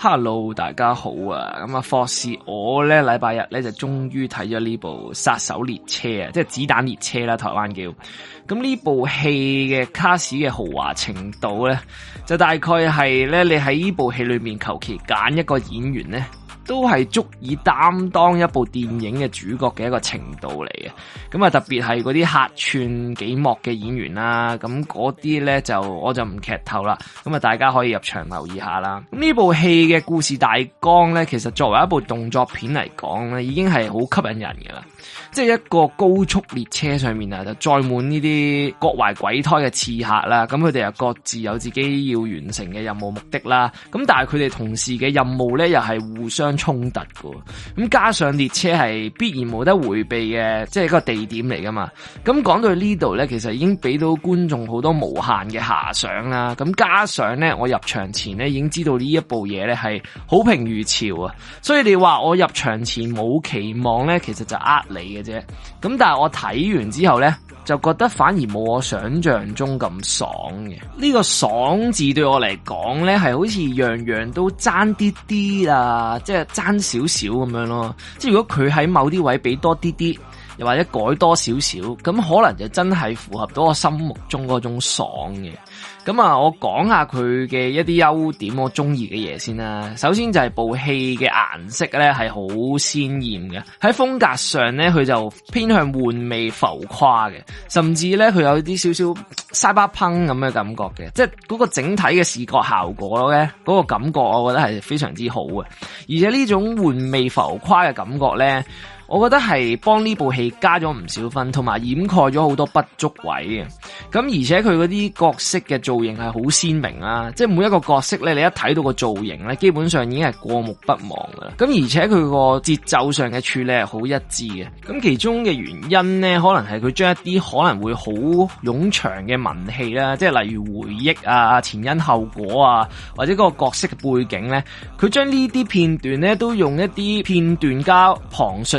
hello，大家好啊！咁啊，博士我咧禮拜日咧就終於睇咗呢部《殺手列車》啊，即係子彈列車啦，台灣叫。咁呢部戲嘅卡士嘅豪華程度咧，就大概係咧，你喺呢部戲裏面求其揀一個演員咧。都係足以擔當一部電影嘅主角嘅一個程度嚟嘅，咁啊特別係嗰啲客串幾幕嘅演員啦，咁嗰啲呢，就我就唔劇透啦，咁啊大家可以入場留意下啦。呢部戲嘅故事大綱呢，其實作為一部動作片嚟講呢，已經係好吸引人嘅啦。即係一個高速列車上面啊，就載滿呢啲各懷鬼胎嘅刺客啦。咁佢哋又各自有自己要完成嘅任務目的啦。咁但係佢哋同時嘅任務呢，又係互相衝突喎。咁加上列車係必然冇得回避嘅，即係嗰個地點嚟噶嘛。咁講到呢度呢，其實已經俾到觀眾好多無限嘅遐想啦。咁加上呢，我入場前呢已經知道呢一部嘢呢係好評如潮啊。所以你話我入場前冇期望呢，其實就呃你嘅啫，咁但係我睇完之後呢，就覺得反而冇我想象中咁爽嘅。呢個爽字對我嚟講呢，係好似樣樣都爭啲啲啊，即係爭少少咁樣咯。即係如果佢喺某啲位俾多啲啲。又或者改多少少，咁可能就真係符合到我心目中嗰種爽嘅。咁啊，我講下佢嘅一啲優點，我中意嘅嘢先啦。首先就係部戲嘅顏色咧，係好鮮艷嘅。喺風格上咧，佢就偏向玩味浮誇嘅，甚至咧佢有啲少少 Cyberpunk 咁嘅感覺嘅。即係嗰個整體嘅視覺效果咧，嗰、嗰個感覺，我覺得係非常之好嘅。而且呢種玩味浮誇嘅感覺咧。我覺得係幫呢部戲加咗唔少分，同埋掩蓋咗好多不足位嘅。咁而且佢嗰啲角色嘅造型係好鮮明啊！即係每一個角色咧，你一睇到個造型咧，基本上已經係過目不忘噶啦。咁而且佢個節奏上嘅處理係好一致嘅。咁其中嘅原因呢，可能係佢將一啲可能會好冗長嘅文戲啦，即係例如回憶啊、前因後果啊，或者嗰個角色嘅背景呢，佢將呢啲片段呢都用一啲片段加旁述。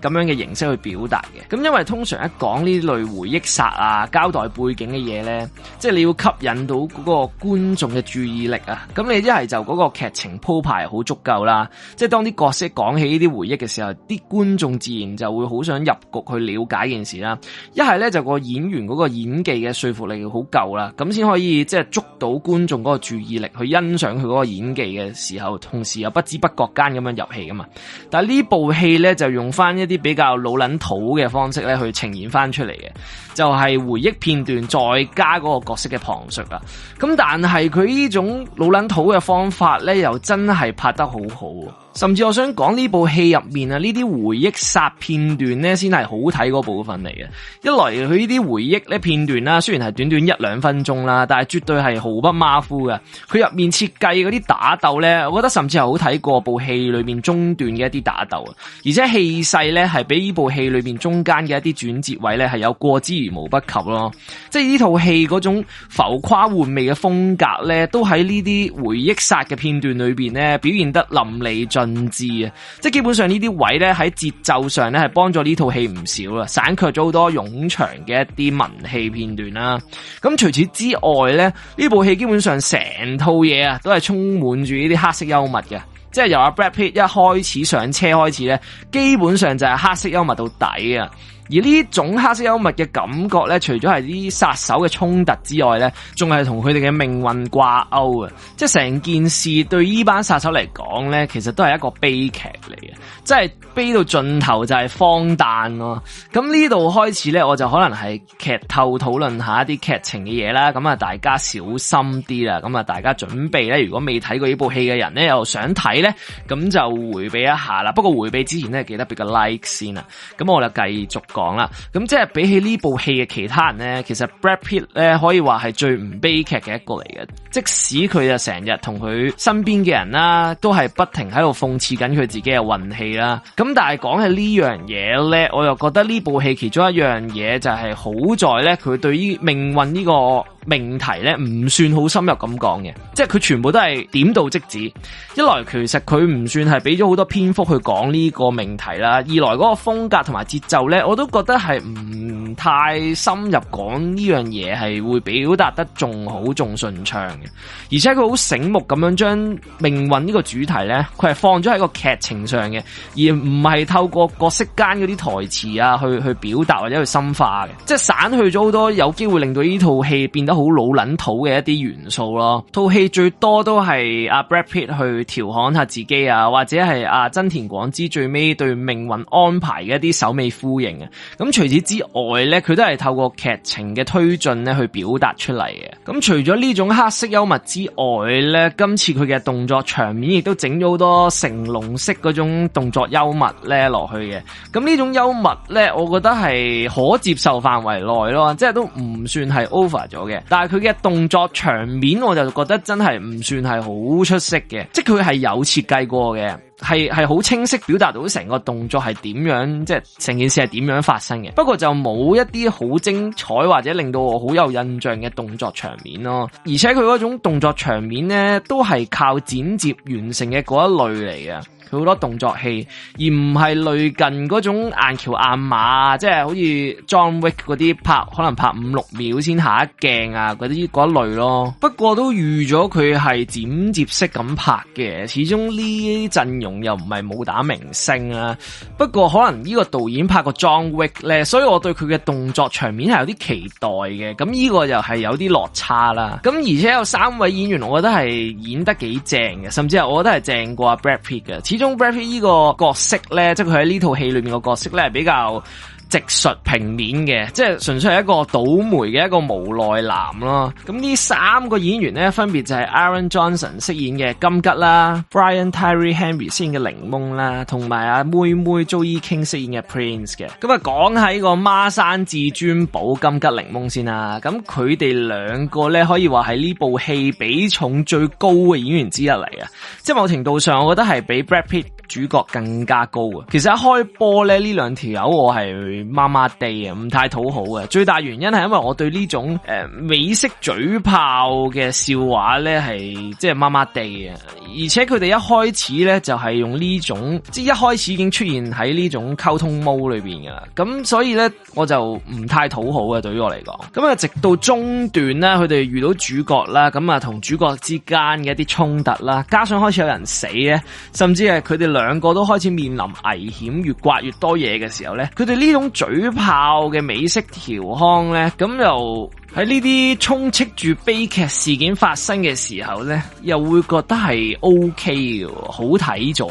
咁樣嘅形式去表達嘅，咁因為通常一講呢類回憶殺啊、交代背景嘅嘢咧，即係你要吸引到嗰個觀眾嘅注意力啊，咁你一係就嗰個劇情鋪排好足夠啦，即係當啲角色講起呢啲回憶嘅時候，啲觀眾自然就會好想入局去了解件事啦。一係咧就個演員嗰個演技嘅說服力好夠啦，咁先可以即係捉到觀眾嗰個注意力去欣賞佢嗰個演技嘅時候，同時又不知不覺間咁樣入戲噶嘛。但係呢部戲咧就用翻翻一啲比較老撚土嘅方式咧，去呈現翻出嚟嘅，就係回憶片段再加嗰個角色嘅旁述啊。咁但係佢呢種老撚土嘅方法咧，又真係拍得好好。甚至我想講呢部戲入面啊，呢啲回憶殺片段咧，先係好睇嗰部分嚟嘅。一來佢呢啲回憶咧片段啦，雖然係短短一兩分鐘啦，但係絕對係毫不馬虎嘅，佢入面設計嗰啲打鬥咧，我覺得甚至係好睇過部戲裏面中段嘅一啲打鬥啊。而且氣勢咧，係比呢部戲裏面中間嘅一啲轉折位咧，係有過之而無不及咯。即係呢套戲嗰種浮誇換味嘅風格咧，都喺呢啲回憶殺嘅片段裏邊咧，表現得淋漓盡。甚至啊，即係基本上呢啲位呢，喺節奏上呢，係幫咗呢套戲唔少啦，省卻咗好多冗長嘅一啲文戲片段啦。咁除此之外呢，呢部戲基本上成套嘢啊都係充滿住呢啲黑色幽默嘅，即係由阿 Brad Pitt 一開始上車開始呢，基本上就係黑色幽默到底啊。而呢種黑色幽默嘅感覺咧，除咗係啲殺手嘅衝突之外咧，仲係同佢哋嘅命運掛鈎啊！即係成件事對呢班殺手嚟講咧，其實都係一個悲劇嚟嘅，即係悲到盡頭就係荒誕咯，哦。咁呢度開始咧，我就可能係劇透討論一下一啲劇情嘅嘢啦。咁啊，大家小心啲啦。咁啊，大家準備咧，如果未睇過呢部戲嘅人咧，又想睇咧，咁就回避一下啦。不過回避之前咧，記得俾個 like 先啦。咁我就繼續講。講啦，咁即係比起呢部戲嘅其他人呢，其實 Brad Pitt 咧，可以話係最唔悲劇嘅一個嚟嘅。即使佢就成日同佢身邊嘅人啦，都係不停喺度諷刺緊佢自己嘅運氣啦。咁但係講起呢樣嘢呢，我又覺得呢部戲其中一樣嘢就係好在呢，佢對於命運呢個。命題咧唔算好深入咁講嘅，即係佢全部都係點到即止。一來其實佢唔算係俾咗好多篇幅去講呢個命題啦，二來嗰個風格同埋節奏呢，我都覺得係唔太深入講呢樣嘢，係會表達得仲好仲順暢嘅。而且佢好醒目咁樣將命運呢個主題呢，佢係放咗喺個劇情上嘅，而唔係透過角色間嗰啲台詞啊去去表達或者去深化嘅，即係散去咗好多有機會令到呢套戲變得好老撚土嘅一啲元素咯，套戲最多都係阿 Brad Pitt 去調侃下自己啊，或者係阿真田廣之最尾對命運安排嘅一啲首尾呼應啊。咁除此之外呢，佢都係透過劇情嘅推進呢去表達出嚟嘅。咁除咗呢種黑色幽默之外呢，今次佢嘅動作場面亦都整咗好多成龍式嗰種動作幽默咧落去嘅。咁呢種幽默呢，我覺得係可接受範圍內咯，即係都唔算係 over 咗嘅。但係佢嘅動作場面，我就覺得真係唔算係好出色嘅，即係佢係有設計過嘅。係係好清晰表達到成個動作係點樣，即係成件事係點樣發生嘅。不過就冇一啲好精彩或者令到我好有印象嘅動作場面咯。而且佢嗰種動作場面咧，都係靠剪接完成嘅嗰一類嚟嘅。佢好多動作戲，而唔係類近嗰種硬橋硬馬，即係好似 John Wick 嗰啲拍，可能拍五六秒先下一鏡啊，嗰啲嗰一類咯。不過都預咗佢係剪接式咁拍嘅，始終呢啲陣容。又唔係武打明星啊。不過可能呢個導演拍個 John Wick 呢，所以我對佢嘅動作場面係有啲期待嘅。咁呢個又係有啲落差啦。咁而且有三位演員，我覺得係演得幾正嘅，甚至係我覺得係正過阿 Brad Pitt 嘅。始終 Brad Pitt 呢個角色呢，即係佢喺呢套戲裏面個角色呢，係比較，直述平面嘅，即係純粹係一個倒霉嘅一個無奈男囉。咁呢三個演員咧，分別就係 Aaron Johnson 飾演嘅金吉啦，Brian Tyree Henry 飾演嘅檸檬啦，同埋阿妹妹 Joey King 飾演嘅 Prince 嘅。咁啊，講喺個孖山至尊寶金吉檸檬先啦。咁佢哋兩個咧，可以話係呢部戲比重最高嘅演員之一嚟啊。即係某程度上，我覺得係比 Brad Pitt。主角更加高啊！其實一開波咧，呢兩條友我係麻麻地啊，唔太討好嘅。最大原因係因為我對呢種誒美式嘴炮嘅笑話咧，係即係麻麻地啊！而且佢哋一開始咧就係用呢種，即係一開始已經出現喺呢種溝通毛裏邊噶啦。咁所以咧，我就唔太討好嘅，對於我嚟講。咁啊，直到中段咧，佢哋遇到主角啦，咁啊同主角之間嘅一啲衝突啦，加上開始有人死咧，甚至係佢哋兩。兩個都開始面臨危險，越刮越多嘢嘅時候呢，佢哋呢種嘴炮嘅美式調腔呢，咁又喺呢啲充斥住悲劇事件發生嘅時候呢，又會覺得係 O K 好睇咗，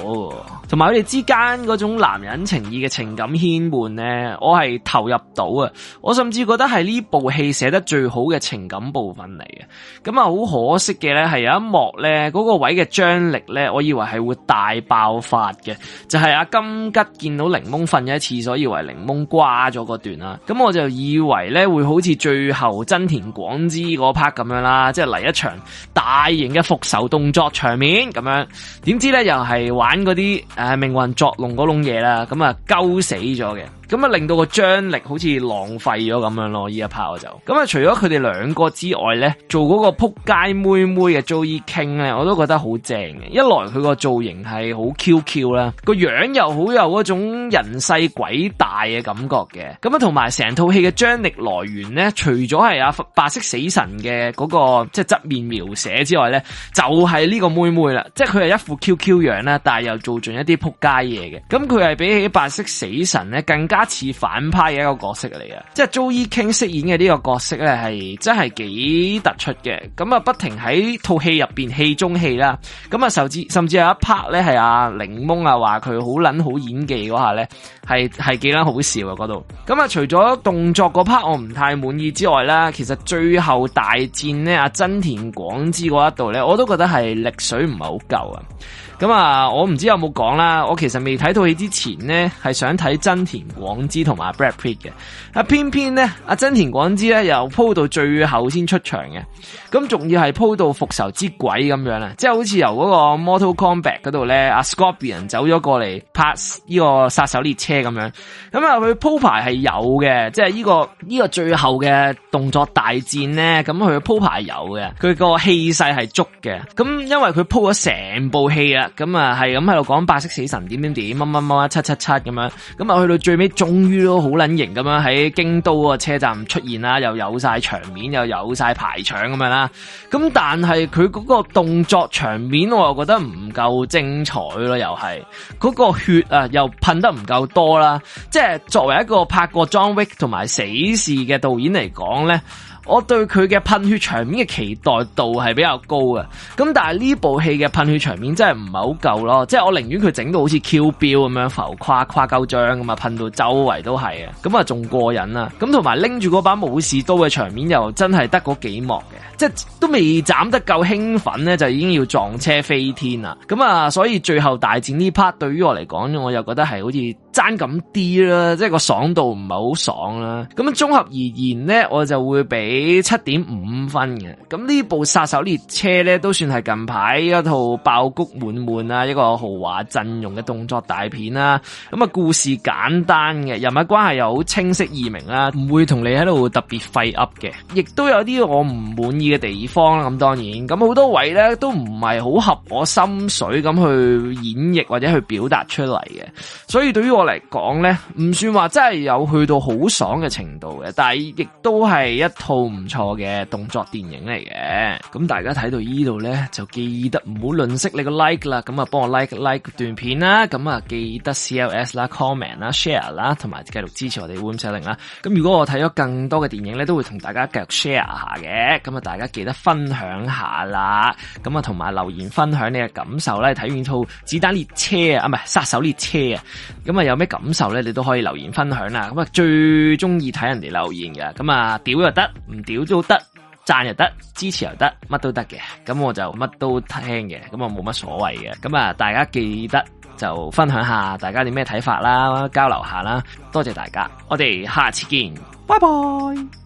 同埋佢哋之間嗰種男人情義嘅情感牽絆呢，我係投入到啊，我甚至覺得係呢部戲寫得最好嘅情感部分嚟嘅。咁啊，好可惜嘅呢係有一幕呢，嗰個位嘅張力呢，我以為係會大爆。發嘅就係、是、阿金吉見到檸檬瞓咗喺廁所，以為檸檬瓜咗嗰段啦。咁我就以為咧會好似最後真田廣之嗰 part 咁樣啦，即係嚟一場大型嘅復仇動作場面咁樣。點知咧又係玩嗰啲誒命運作弄嗰種嘢啦。咁啊，鳩死咗嘅。咁啊，令到個張力好似浪費咗咁樣咯，依一 part 就咁啊、嗯。除咗佢哋兩個之外咧，做嗰個撲街妹妹嘅 Joey King 咧，我都覺得好正嘅。一來佢個造型係好 Q Q 啦，個樣又好有嗰種人細鬼大嘅感覺嘅。咁、嗯、啊，同埋成套戲嘅張力來源咧，除咗係阿白色死神嘅嗰，那個即係側面描寫之外咧，就係、是，呢個妹妹啦。即係佢係一副 Q Q 樣啦，但係又做盡一啲撲街嘢嘅。咁佢係比起白色死神咧更加。一次反派嘅一個角色嚟嘅，即係 Joey King 飾演嘅呢個角色咧，係真係幾突出嘅。咁啊，不停喺套戲入邊戲中戲啦。咁啊，甚至甚至有一 part 咧，係阿檸檬啊話佢好捻好演技嗰下咧，係係幾捻好笑啊嗰度。咁啊，除咗動作嗰 part 我唔太滿意之外啦，其實最後大戰咧，阿真田廣之嗰一度咧，我都覺得係力水唔係好夠啊。咁啊，我唔知有冇講啦，我其實未睇套戲之前咧，係想睇真田廣廣之同埋 Brad Pitt 嘅，啊偏偏咧阿真田廣之咧又鋪到最後先出場嘅，咁仲要係鋪到復仇之鬼咁樣咧，即係好似由個 Mortal Kombat 度咧，阿 Scorpion 走咗過嚟拍呢個殺手列車咁樣，咁啊佢鋪排係有嘅，即係呢個呢個最後嘅動作大戰咧，咁佢鋪排有嘅，佢個氣勢係足嘅，咁因為佢鋪咗成部戲啊，咁啊係咁喺度講白色死神點點點，乜乜乜七七七咁樣，咁啊去到最尾。終於都好撚型咁樣喺京都嗰車站出現啦，又有曬場面，又有曬排場咁樣啦。咁但係佢嗰個動作場面，我又覺得唔夠精彩咯，又係嗰個血啊又噴得唔夠多啦。即係作為一個拍過《John Wick》同埋《死侍》嘅導演嚟講呢。我對佢嘅噴血場面嘅期待度係比較高嘅，咁但係呢部戲嘅噴血場面真係唔係好夠咯，即係我寧願佢整到好似 Q 標咁樣浮誇誇鳩張咁啊，噴到周圍都係啊，咁啊仲過癮啦，咁同埋拎住嗰把武士刀嘅場面又真係得嗰幾幕嘅，即係都未斬得夠興奮咧，就已經要撞車飛天啦，咁啊，所以最後大戰呢 part 對於我嚟講，我又覺得係好似。爭咁啲啦，即係個爽度唔係好爽啦。咁綜合而言，呢我就會俾七點五分嘅。咁呢部殺手列車呢，都算係近排一套爆谷滿滿啊，一個豪華陣容嘅動作大片啦。咁啊，故事簡單嘅，人物關係又好清晰易明啦，唔會同你喺度特別廢噏嘅。亦都有啲我唔滿意嘅地方啦，咁當然，咁好多位呢，都唔係好合我心水咁去演繹或者去表達出嚟嘅。所以對於我。.嚟講咧，唔算話真係有去到好爽嘅程度嘅，但係亦都係一套唔錯嘅動作電影嚟嘅。咁大家睇到呢度咧，就記得唔好吝嗇你個 like 啦。咁啊，幫我 like like 段片啦。咁啊，記得 C L S 啦、comment 啦、share 啦，同埋繼續支持我哋 Williamling 啦。咁如果我睇咗更多嘅電影咧，都會同大家繼續 share 下嘅。咁啊，大家記得分享下啦。咁啊，同埋留言分享你嘅感受咧。睇完套子彈列車啊，唔係殺手列車啊，咁啊。有咩感受咧？你都可以留言分享啦。咁啊，最中意睇人哋留言嘅。咁啊，屌又得，唔屌都得，讚又得，支持又得，乜都得嘅。咁我就乜都聽嘅。咁我，冇乜所謂嘅。咁啊，大家記得就分享下大家啲咩睇法啦，交流下啦。多謝大家，我哋下次見，拜拜。